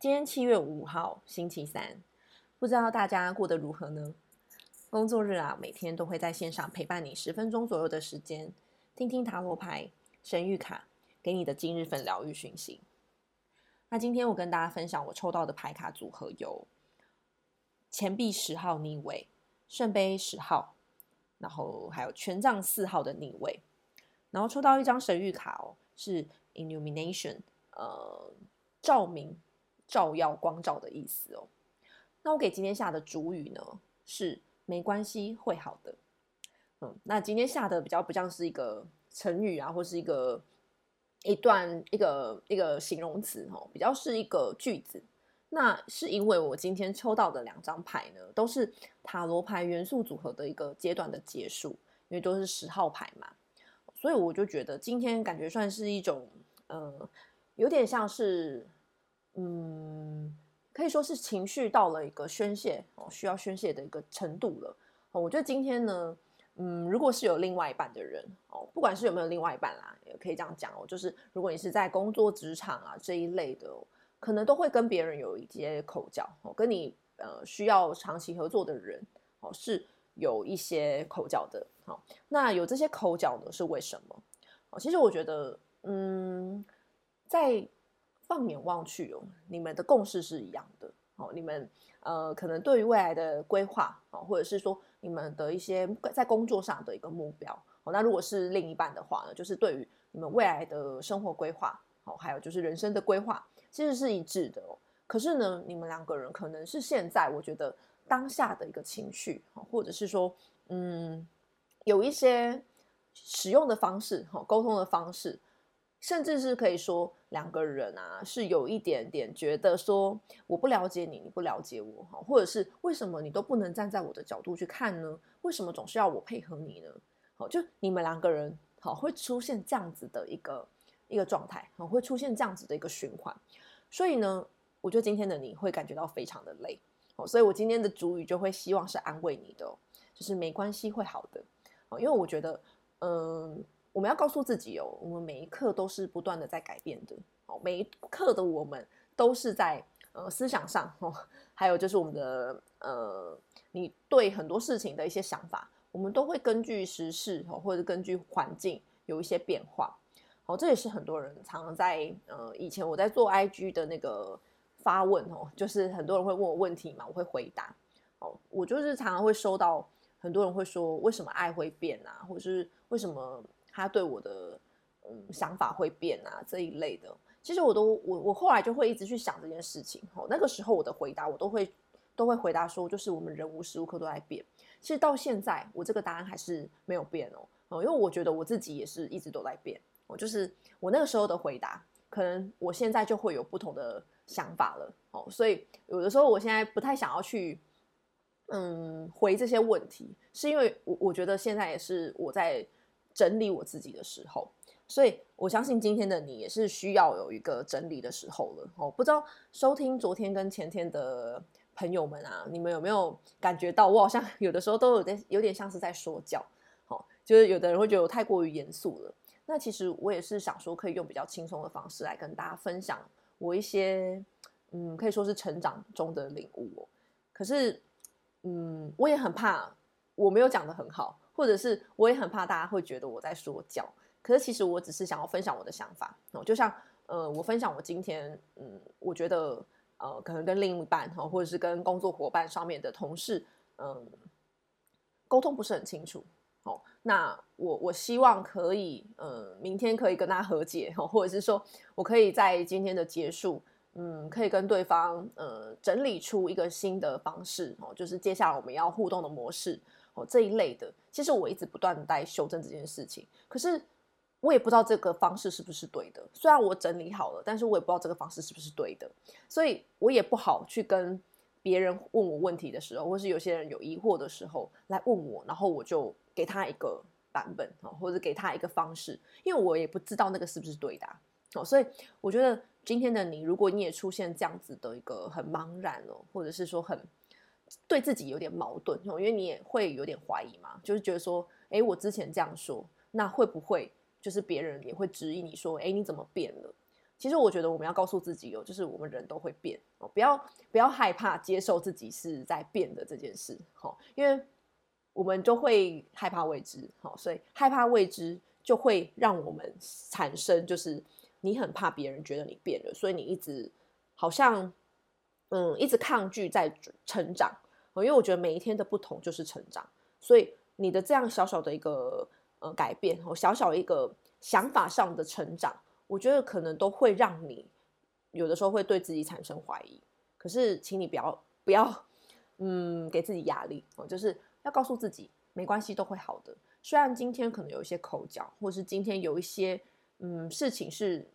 今天七月五號，星期三，不知道大家過得如何呢？工作日啊，每天都會在線上陪伴你十分鐘左右的時間，聽聽塔羅牌、神諭卡給你的今日份療癒訊息。那今天我跟大家分享我抽到的牌卡組合有：錢幣十號逆位、聖杯十號，然後還有權杖四號的逆位，然後抽到一張神諭卡哦，是 Illumination，呃，照明。照耀光照的意思哦，那我給今天下的主語呢是沒關係會好的，嗯，那今天下的比較不像是一個成語啊，或是一個一段一個一個形容詞哦，比較是一個句子。那是因為我今天抽到的兩張牌呢，都是塔羅牌元素組合的一個階段的結束，因為都是十號牌嘛，所以我就覺得今天感覺算是一種，呃，有點像是。嗯，可以說是情緒到了一個宣洩哦，需要宣洩的一個程度了。哦，我覺得今天呢，嗯，如果是有另外一半的人哦，不管是有沒有另外一半啦、啊，也可以這樣講哦，就是如果你是在工作職場啊這一類的、哦，可能都會跟別人有一些口角哦，跟你呃需要長期合作的人哦，是有一些口角的。好、哦，那有這些口角呢，是為什麼？哦，其實我覺得，嗯，在。放眼望去哦，你們的共識是一樣的哦。你們呃，可能對於未來的規劃哦，或者是說你們的一些在工作上的一個目標哦，那如果是另一半的話呢，就是對於你們未來的生活規劃哦，還有就是人生的規劃，其實是一致的哦。可是呢，你們兩個人可能是現在我覺得當下的一個情緒哦，或者是說嗯，有一些使用的方式哈，溝通的方式，甚至是可以說。兩個人啊，是有一點點覺得說我不了解你，你不了解我，或者是為什麼你都不能站在我的角度去看呢？為什麼總是要我配合你呢？好，就你們兩個人好會出現這樣子的一個一個狀態，好會出現這樣子的一個循環，所以呢，我覺得今天的你會感覺到非常的累，所以我今天的主語就會希望是安慰你的，哦，就是沒關係，會好的，因為我覺得，嗯。我們要告訴自己哦，我們每一刻都是不斷的在改變的哦，每一刻的我們都是在、呃、思想上哦，還有就是我們的呃，你對很多事情的一些想法，我們都會根據時事、哦、或者是根據環境有一些變化哦。這也是很多人常常在呃，以前我在做 IG 的那個發問哦，就是很多人會問我問題嘛，我會回答，我就是常常會收到很多人會說為什麼愛會變啊，或者是為什麼。他對我的嗯想法會變啊，這一類的，其實我都我我後來就會一直去想這件事情。哦，那個時候我的回答我都會都會回答說，就是我們人無時無刻都在變。其實到現在我這個答案還是沒有變哦哦，因為我覺得我自己也是一直都在變，哦。就是我那個時候的回答，可能我現在就會有不同的想法了哦。所以有的時候我現在不太想要去嗯回這些問題，是因為我我覺得現在也是我在。整理我自己的時候，所以我相信今天的你也是需要有一個整理的時候了哦。不知道收聽昨天跟前天的朋友們啊，你們有沒有感覺到我好像有的時候都有在有點像是在說教哦？就是有的人會覺得我太過於嚴肅了。那其實我也是想說，可以用比較輕鬆的方式來跟大家分享我一些嗯，可以說是成長中的領悟哦。可是嗯，我也很怕我沒有講得很好。或者是我也很怕大家會覺得我在說教，可是其實我只是想要分享我的想法哦，就像呃，我分享我今天嗯，我覺得呃，可能跟另一半哈、哦，或者是跟工作夥伴上面的同事嗯，溝通不是很清楚哦，那我我希望可以嗯、呃，明天可以跟他和解哦，或者是說我可以在今天的結束嗯，可以跟對方嗯、呃，整理出一個新的方式哦，就是接下來我們要互動的模式。這一類的，其實我一直不斷的在修正這件事情，可是我也不知道這個方式是不是對的。雖然我整理好了，但是我也不知道這個方式是不是對的，所以我也不好去跟別人問我問題的時候，或是有些人有疑惑的時候來問我，然後我就給他一個版本哦，或者給他一個方式，因為我也不知道那個是不是對的哦、啊。所以我覺得今天的你，如果你也出現這樣子的一個很茫然哦，或者是說很。對自己有點矛盾哦，因為你也會有點懷疑嘛，就是覺得說，誒，我之前這樣說，那會不會就是別人也會質疑你說，誒，你怎麼變了？其實我覺得我們要告訴自己哦，就是我們人都會變哦，不要不要害怕接受自己是在變的這件事，齁，因為我們都會害怕未知，齁，所以害怕未知就會讓我們產生就是你很怕別人覺得你變了，所以你一直好像。嗯，一直抗拒在成長，因為我覺得每一天的不同就是成長，所以你的這樣小小的一個呃改變，然後小小一個想法上的成長，我覺得可能都會讓你有的時候會對自己產生懷疑。可是，請你不要不要，嗯，給自己壓力哦，就是要告訴自己沒關係，都會好的。雖然今天可能有一些口角，或是今天有一些嗯事情是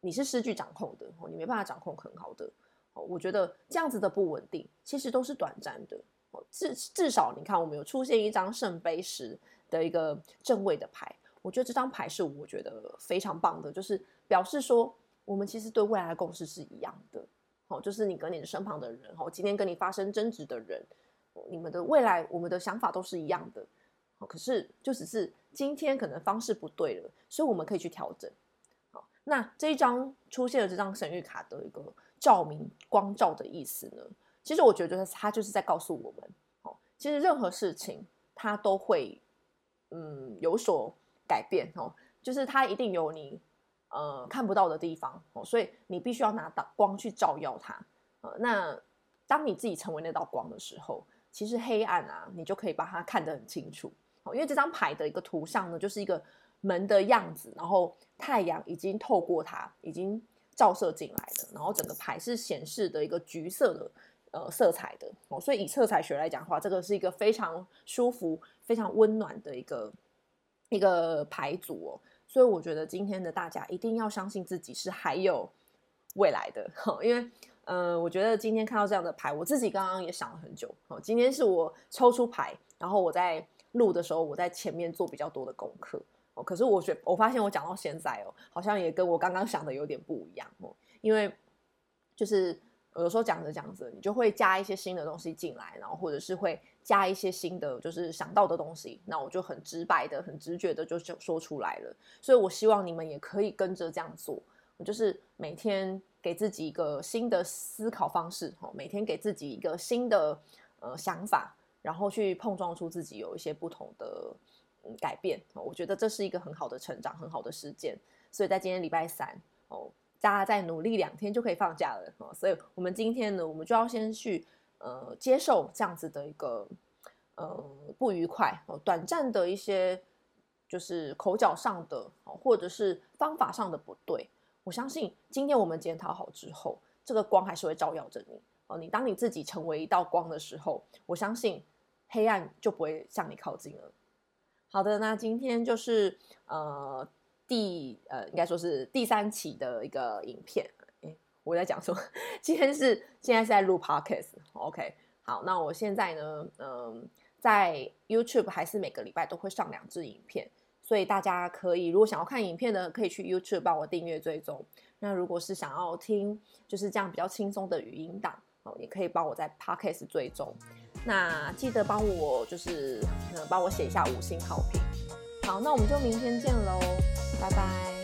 你是失去掌控的，哦，你沒辦法掌控，很好的。我覺得這樣子的不穩定其實都是短暫的，至至少你看我們有出現一張聖杯十的一個正位的牌，我覺得這張牌是我覺得非常棒的，就是表示說我們其實對未來的共識是一樣的，好，就是你跟你的身旁的人，哈，今天跟你發生爭執的人，你們的未來我們的想法都是一樣的，好，可是就只是今天可能方式不對了，所以我們可以去調整，好，那這一張出現了這張神諭卡的一個。照明光照的意思呢？其實我覺得他就是在告訴我們，哦，其實任何事情它都會，嗯，有所改變哦。就是它一定有你呃看不到的地方哦，所以你必須要拿道光去照耀它。呃，那當你自己成為那道光的時候，其實黑暗啊，你就可以把它看得很清楚哦。因為這張牌的一個圖像呢，就是一個門的樣子，然後太陽已經透過它，已經。照射進來的，然後整個牌是顯示的一個橘色的，呃，色彩的哦，所以以色彩學來講的話，這個是一個非常舒服、非常溫暖的一個一個牌組哦。所以我覺得今天的大家一定要相信自己是還有未來的，因為嗯、呃，我覺得今天看到這樣的牌，我自己剛剛也想了很久哦。今天是我抽出牌，然後我在錄的時候，我在前面做比較多的功課。哦，可是我覺，我發現我講到現在哦，好像也跟我剛剛想的有點不一樣哦，因為就是有時候講着講着，你就會加一些新的東西進來，然後或者是會加一些新的就是想到的東西，那我就很直白的、很直覺的就就說出來了。所以我希望你們也可以跟着這樣做，就是每天給自己一個新的思考方式哦，每天給自己一個新的呃想法，然後去碰撞出自己有一些不同的。嗯、改變，我覺得這是一個很好的成長，很好的時間，所以在今天禮拜三哦，大家再努力兩天就可以放假了哦。所以，我們今天呢，我們就要先去呃接受這樣子的一個、呃、不愉快哦，短暫的一些就是口角上的哦，或者是方法上的不對。我相信，今天我們檢討好之後，這個光還是會照耀着你哦。你當你自己成為一道光的時候，我相信黑暗就不會向你靠近了。好的，那今天就是呃第呃應該說是第三期的一個影片。欸，我在講說今天是現在是在錄 podcast，OK。Okay, 好，那我現在呢，嗯，呃，在 YouTube 還是每個禮拜都會上兩支影片，所以大家可以如果想要看影片呢，可以去 YouTube 幫我訂閱追蹤。那如果是想要聽就是這樣比較輕鬆的語音檔，哦，也可以幫我在 podcast 追蹤。那記得幫我就是呃幫我寫一下五星好評，好，那我們就明天見嘍，拜拜。